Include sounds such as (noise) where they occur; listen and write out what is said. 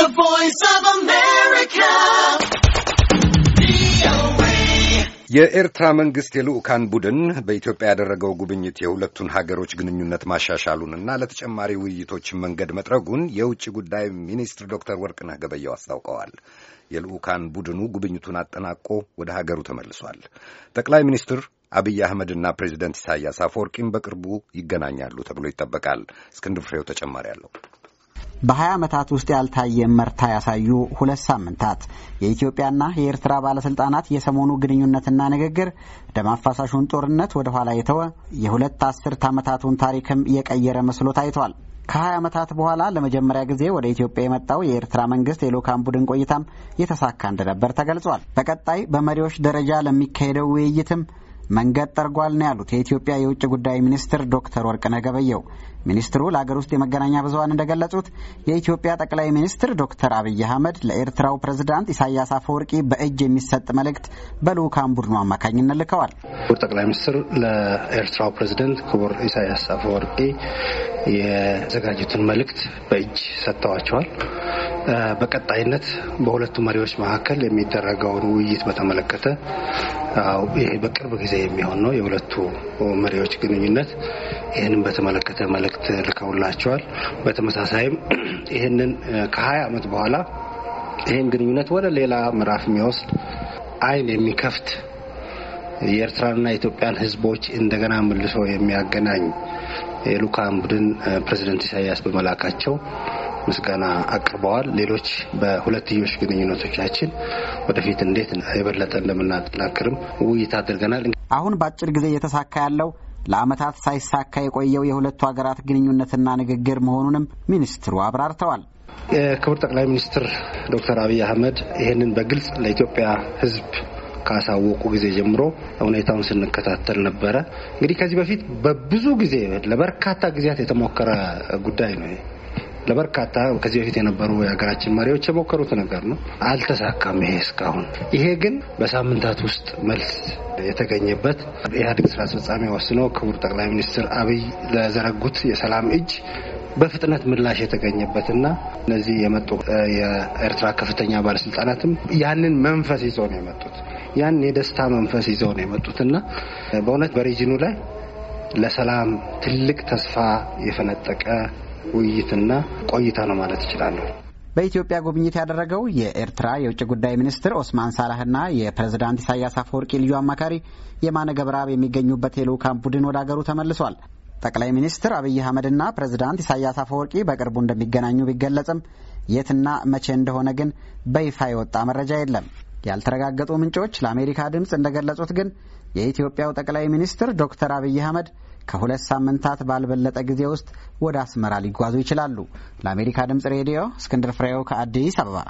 The Voice of America. የኤርትራ መንግስት የልዑካን ቡድን በኢትዮጵያ ያደረገው ጉብኝት የሁለቱን ሀገሮች ግንኙነት ማሻሻሉንና ለተጨማሪ ውይይቶች መንገድ መጥረጉን የውጭ ጉዳይ ሚኒስትር ዶክተር ወርቅነህ ገበየው አስታውቀዋል። የልዑካን ቡድኑ ጉብኝቱን አጠናቆ ወደ ሀገሩ ተመልሷል። ጠቅላይ ሚኒስትር አብይ አህመድና ፕሬዚደንት ኢሳያስ አፈወርቂም በቅርቡ ይገናኛሉ ተብሎ ይጠበቃል። እስክንድር ፍሬው ተጨማሪ አለው። በ በ20 ዓመታት ውስጥ ያልታየ መርታ ያሳዩ ሁለት ሳምንታት የኢትዮጵያና የኤርትራ ባለስልጣናት የሰሞኑ ግንኙነትና ንግግር ደም አፋሳሹን ጦርነት ወደ ኋላ የተወ የሁለት አስርት ዓመታቱን ታሪክም የቀየረ መስሎ ታይቷል። ከ20 ዓመታት በኋላ ለመጀመሪያ ጊዜ ወደ ኢትዮጵያ የመጣው የኤርትራ መንግስት የልዑካን ቡድን ቆይታም የተሳካ እንደነበር ተገልጿል። በቀጣይ በመሪዎች ደረጃ ለሚካሄደው ውይይትም መንገድ ጠርጓል ነው ያሉት የኢትዮጵያ የውጭ ጉዳይ ሚኒስትር ዶክተር ወርቅነህ ነገበየው ሚኒስትሩ ለአገር ውስጥ የመገናኛ ብዙሀን እንደገለጹት የኢትዮጵያ ጠቅላይ ሚኒስትር ዶክተር አብይ አህመድ ለኤርትራው ፕሬዝዳንት ኢሳያስ አፈወርቂ በእጅ የሚሰጥ መልእክት በልዑካን ቡድኑ አማካኝነት ልከዋል። ክቡር ጠቅላይ ሚኒስትር ለኤርትራው ፕሬዝደንት ክቡር ኢሳያስ አፈወርቂ የዘጋጁትን መልእክት በእጅ ሰጥተዋቸዋል። በቀጣይነት በሁለቱ መሪዎች መካከል የሚደረገውን ውይይት በተመለከተ ይሄ በቅርብ ጊዜ የሚሆን ነው። የሁለቱ መሪዎች ግንኙነት ይህንን በተመለከተ መልእክት ልከውላቸዋል። በተመሳሳይም (clears throat) ይህንን ከሀያ ዓመት በኋላ ይህን ግንኙነት ወደ ሌላ ምዕራፍ የሚወስድ አይን የሚከፍት የኤርትራንና የኢትዮጵያን ሕዝቦች እንደገና መልሶ የሚያገናኝ የልኡካን ቡድን ፕሬዚደንት ኢሳያስ በመላካቸው ምስጋና አቅርበዋል። ሌሎች በሁለትዮሽ ግንኙነቶቻችን ወደፊት እንዴት የበለጠ እንደምናጠናክርም ውይይት አድርገናል። አሁን በአጭር ጊዜ እየተሳካ ያለው ለዓመታት ሳይሳካ የቆየው የሁለቱ ሀገራት ግንኙነትና ንግግር መሆኑንም ሚኒስትሩ አብራርተዋል። የክቡር ጠቅላይ ሚኒስትር ዶክተር አብይ አህመድ ይህንን በግልጽ ለኢትዮጵያ ሕዝብ ካሳወቁ ጊዜ ጀምሮ ሁኔታውን ስንከታተል ነበረ። እንግዲህ ከዚህ በፊት በብዙ ጊዜ ለበርካታ ጊዜያት የተሞከረ ጉዳይ ነው። ለበርካታ ከዚህ በፊት የነበሩ የሀገራችን መሪዎች የሞከሩት ነገር ነው። አልተሳካም። ይሄ እስካሁን ይሄ ግን በሳምንታት ውስጥ መልስ የተገኘበት ኢህአዴግ ስራ አስፈጻሚ ወስኖ ክቡር ጠቅላይ ሚኒስትር አብይ ለዘረጉት የሰላም እጅ በፍጥነት ምላሽ የተገኘበትና እነዚህ የመጡ የኤርትራ ከፍተኛ ባለስልጣናትም ያንን መንፈስ ይዘው ነው የመጡት። ያን የደስታ መንፈስ ይዘው ነው የመጡትና በእውነት በሪጅኑ ላይ ለሰላም ትልቅ ተስፋ የፈነጠቀ ውይይትና ቆይታ ነው ማለት እችላለሁ። በኢትዮጵያ ጉብኝት ያደረገው የኤርትራ የውጭ ጉዳይ ሚኒስትር ኦስማን ሳላህና የፕሬዝዳንት ኢሳያስ አፈወርቂ ልዩ አማካሪ የማነ ገብረአብ የሚገኙበት የልዑካን ቡድን ወደ አገሩ ተመልሷል። ጠቅላይ ሚኒስትር አብይ አህመድና ፕሬዝዳንት ኢሳያስ አፈወርቂ በቅርቡ እንደሚገናኙ ቢገለጽም የትና መቼ እንደሆነ ግን በይፋ የወጣ መረጃ የለም። ያልተረጋገጡ ምንጮች ለአሜሪካ ድምፅ እንደገለጹት ግን የኢትዮጵያው ጠቅላይ ሚኒስትር ዶክተር አብይ አህመድ ከሁለት ሳምንታት ባልበለጠ ጊዜ ውስጥ ወደ አስመራ ሊጓዙ ይችላሉ። ለአሜሪካ ድምፅ ሬዲዮ እስክንድር ፍሬው ከአዲስ አበባ